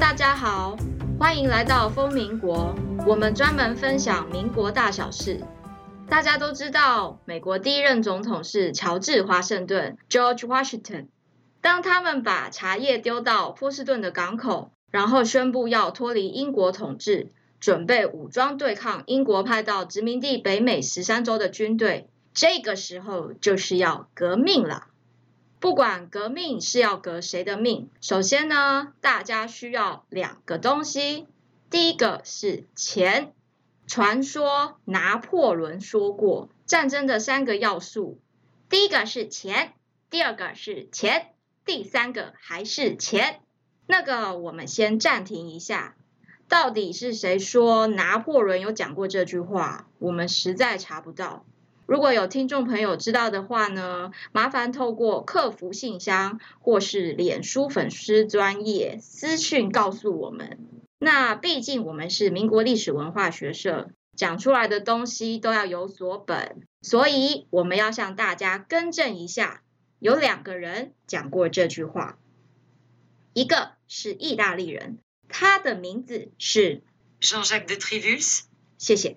大家好，歡迎來到瘋民國。我們專門分享民國大小事。大家都知道，美國第一任總統是喬治華盛頓 （George Washington）。當他們把茶葉丟到波士頓的港口，然後宣布要脫離英國統治，準備武裝對抗英國派到殖民地北美十三州的軍隊，這個時候就是要革命了。不管革命是要革誰的命，首先呢，大家需要兩個東西。第一個是錢。傳說拿破崙說過，戰爭的三個要素，第一個是錢，第二個是錢，第三個還是錢。那個我們先暫停一下，到底是誰說拿破崙有講過這句話？我們實在查不到。如果有聽眾朋友知道的話呢，麻煩透過客服信箱或是臉書粉絲專頁私訊告訴我們。那畢竟我們是民國歷史文化學社，講出來的東西都要有所本，所以我們要向大家更正一下：有兩個人講過這句話，一個是意大利人，他的名字是 Jean-Jacques de Trivulz。謝謝。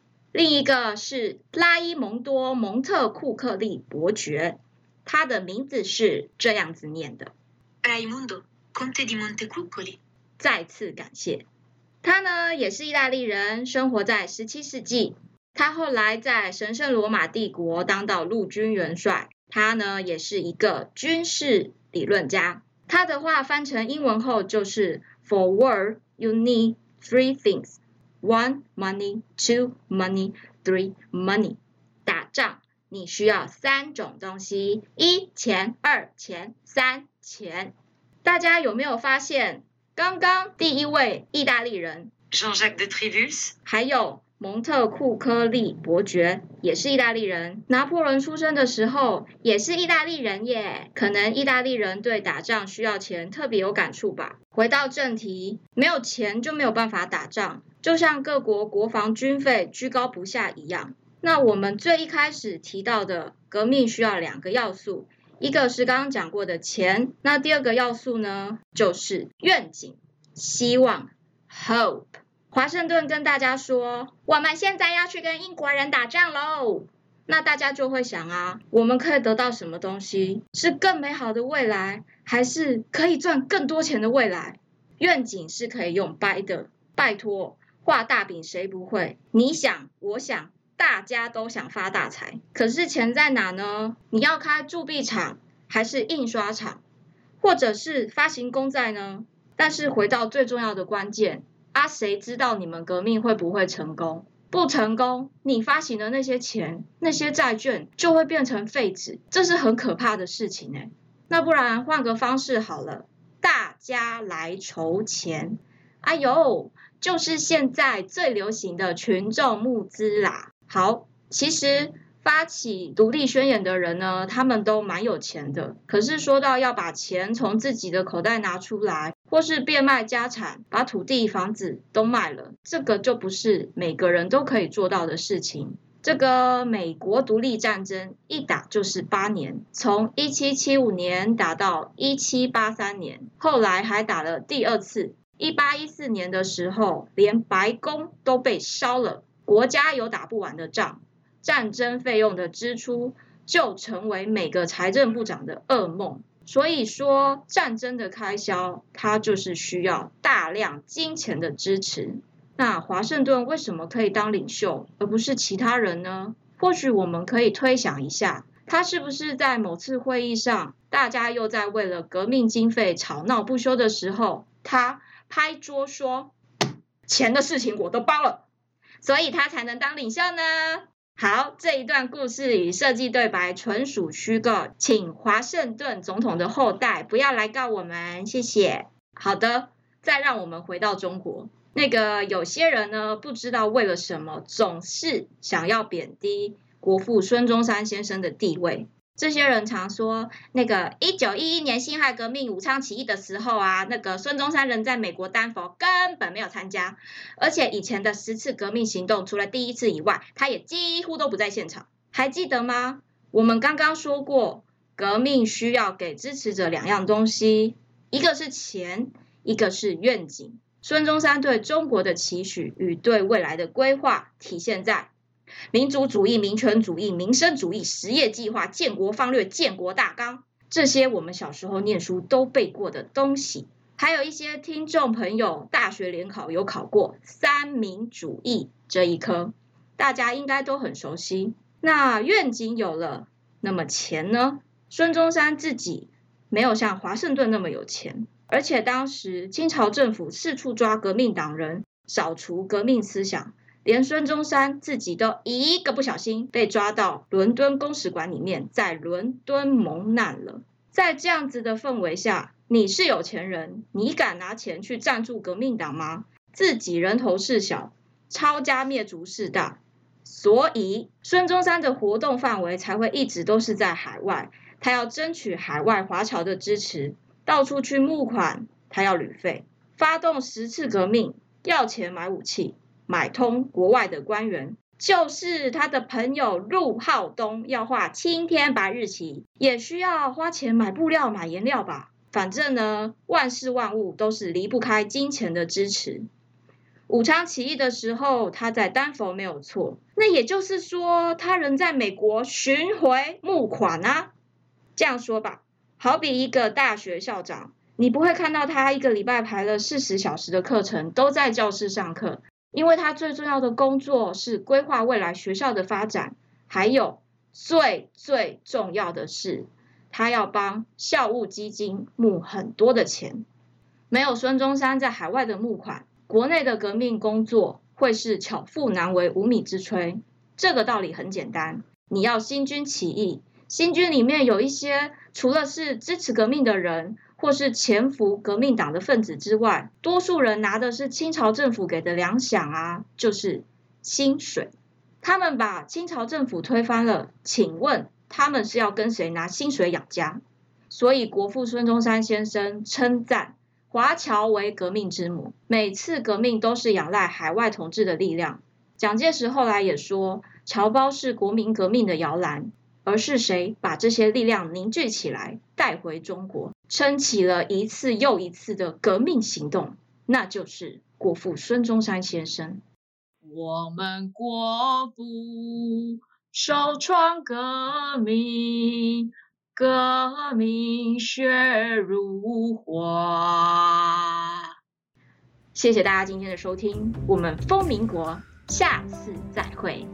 另一個是拉伊蒙多·蒙特庫克利伯爵，他的名字是這樣子念的：d i 再次感謝。他呢也是意大利人，生活在十七世紀。他後來在神聖羅馬帝國當到陸軍元帥。他呢也是一個軍事理論家。他的話翻成英文後就是：For war you need three things。One money, two money, three money，打仗你需要三種東西：一錢、二錢、三錢。大家有沒有發現，剛剛第一位意大利人 Jean-Jacques de Trevus，還有蒙特庫科利伯爵也是意大利人。拿破崙出生的時候也是意大利人耶。可能意大利人對打仗需要錢特別有感觸吧。回到正題，沒有錢就沒有辦法打仗。就像各國國防軍費居高不下一樣，那我們最一開始提到的革命需要兩個要素，一個是剛剛講過的錢，那第二個要素呢就是願景、希望、hope。華盛頓跟大家說，我們現在要去跟英國人打仗嘍，那大家就會想啊，我們可以得到什麼東西？是更美好的未來，還是可以賺更多錢的未來？願景是可以用掰的，拜托。畫大餅誰不會？你想，我想，大家都想發大財。可是錢在哪呢？你要開鑄幣廠，還是印刷廠，或者是發行公債呢？但是回到最重要的關鍵啊，誰知道你們革命會不會成功？不成功，你發行的那些錢，那些債券就會變成廢紙。這是很可怕的事情哎、欸。那不然換個方式好了，大家來籌錢。哎呦！就是現在最流行的群眾募資啦。好，其實發起獨立宣言的人呢，他們都蠻有錢的。可是說到要把錢從自己的口袋拿出來，或是變賣家產，把土地、房子都賣了，這個就不是每個人都可以做到的事情。這個美國獨立戰爭一打就是八年，從一七七五年打到一七八三年，後來還打了第二次。一八一四年的時候，連白宮都被燒了，國家有打不完的仗，戰爭費用的支出就成為每個財政部長的噩夢。所以說，戰爭的開銷它就是需要大量金錢的支持。那華盛頓為什麼可以當領袖，而不是其他人呢？或許我們可以推想一下，他是不是在某次會議上，大家又在為了革命經費吵鬧不休的時候，他拍桌說：“錢的事情我都包了，所以他才能當領袖呢。”好，這一段故事與設計對白純屬虛構，請華盛頓總統的後代不要來告我們，謝謝。好的，再讓我們回到中國，那個有些人呢，不知道為了什麼，總是想要貶低國父孫中山先生的地位。這些人常說，那個一九一一年辛亥革命武昌起義的時候啊，那個孫中山人在美國丹佛根本沒有參加，而且以前的十次革命行動，除了第一次以外，他也幾乎都不在現場。還記得嗎？我們剛剛說過，革命需要給支持者兩樣東西，一個是錢，一個是願景。孫中山對中國的期許與對未來的規劃，體現在民族主義、民權主義、民生主義、實業計劃、建國方略、建國大綱，這些我們小時候念書都背過的東西，還有一些聽眾朋友大學聯考有考過“三民主義”這一科，大家應該都很熟悉。那願景有了，那麼錢呢？孫中山自己沒有像華盛頓那麼有錢，而且當時清朝政府四處抓革命黨人，掃除革命思想。連孫中山自己都一個不小心被抓到倫敦公使館裡面，在倫敦蒙難了。在這樣子的氛圍下，你是有錢人，你敢拿錢去贊助革命黨嗎？自己人頭事小，抄家滅族事大。所以孫中山的活動範圍才會一直都是在海外。他要爭取海外華僑的支持，到處去募款，他要旅費，發動十次革命，要錢買武器。買通國外的官員，就是他的朋友陸浩東要畫青天白日旗，也需要花錢買布料、買顏料吧？反正呢，萬事萬物都是離不開金錢的支持。武昌起義的時候，他在丹佛沒有錯，那也就是說，他人在美國巡回募款啊。這樣說吧，好比一個大學校長，你不會看到他一個禮拜排了四十小時的課程，都在教室上課。因為他最重要的工作是規劃未來學校的發展，還有最最重要的是他要幫校務基金募很多的錢。沒有孫中山在海外的募款，國內的革命工作會是巧婦難為無米之炊。這個道理很簡單，你要新軍起義，新軍裡面有一些除了是支持革命的人，或是潛伏革命黨的分子之外，多數人拿的是清朝政府給的糧餉啊，就是薪水。他們把清朝政府推翻了，請問他們是要跟誰拿薪水養家？所以國父孫中山先生稱讚華僑為革命之母，每次革命都是仰賴海外同志的力量。蔣介石後來也說，僑胞是國民革命的搖籃。而是誰把這些力量凝聚起來，帶回中國，撐起了一次又一次的革命行動？那就是國父孫中山先生。我們國父首創革命，革命血如花。謝謝大家今天的收聽，我們瘋民國，下次再會。